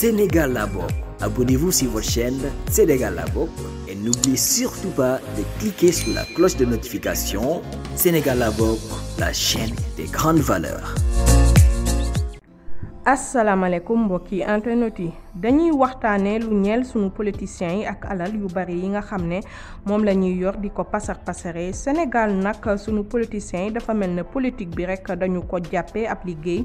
Sénégal la Abonnez-vous sur votre chaîne Sénégal la et n'oubliez surtout pas de cliquer sur la cloche de notification Sénégal la la chaîne des grandes valeurs. Assalamu alaikum internet yi dañuy waxtané lu ñël sunu politiciens ak alal yu bari yi nga xamné mom lañuy yor diko passer passeré Sénégal nak sunu politiciens dafa melne ne politique bi rek dañu ko jappé ap liggéey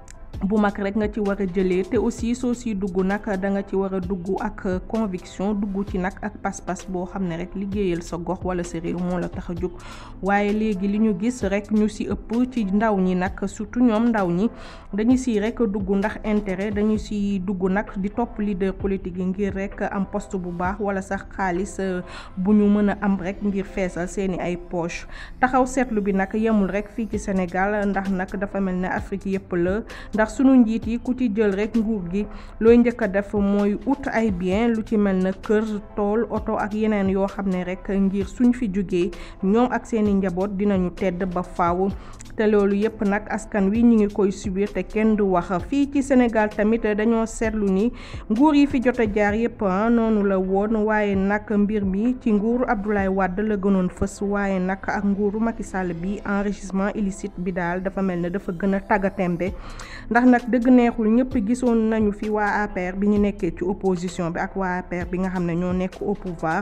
bu mak rek nga ci wara aussi so si duggu nak da nga ci wara duggu ak conviction duggu ci nak ak pas-pas bo xam rek liggéeyal sa gox wala sa réew mo la tax a jóg li ñu gis rek ñu ci ëpp ci ndaw ñi nak surtout ñom ndaw ñi dañu si rek duggu ndax intérêt dañu si duggu nak di top leader politique ngir rek am poste bu baax wala sax xaalis euh, bu ñu mëna am rek ngir fessal seeni ay poche taxaw setlu bi nak yamul rek fi ci Sénégal ndax nak dafa melni Afrique yëpp la ndax sunu njiit yi ku ci jël rek nguur gi looy njëkk a def mooy ut ay bien lu ci mel na kër tool oto ak yeneen yoo xam ne rek ngir suñ fi jógee ñoom ak seeni njaboot dinañu tedd ba faaw te loolu yépp nag askan wi ñu ngi koy subir te kenn du wax fii ci Sénégal tamit dañoo seetlu ni nguur yi fi jot a jaar yépp ah, noonu la woon waaye nag mbir mi ci nguur Abdoulaye Wade la gënoon fës waaye nag ak nguuru Macky Sall bi enrichissement illicite bi daal dafa mel ne dafa gën a tàggatembe ndax nag dëgg neexul ñëpp gisoon nañu fi waa APR bi ñu ci opposition bi ak waa APR bi nga au pouvoir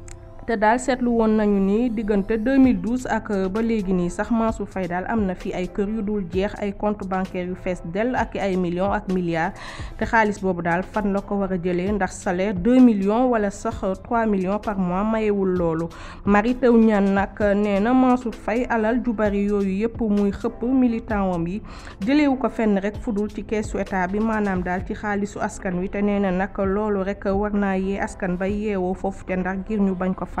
te daal seetlu woon nañu ni diggante 2012 ak euh, ba léegi nii sax Mansour Faye daal am na fi ay kër yu dul jeex ay compte bancaire yu fees dell ak ay millions ak milliards te xaalis boobu daal fan la ko war a jëlee ndax salaire 2 millions wala sax 3 euh, millions par mois mayewul loolu Mary Teuw Niane nag euh, nee na Mansour Faye alal ju bari yooyu yëpp muy xëpp militant wam yi jëlewu ko fenn rek fudul ci keesu état bi maanaam daal ci xaalisu askan wi te nee na nag loolu rek war naa yee askan ba yeewoo foofu te ndax ngir ñu bañ ko fa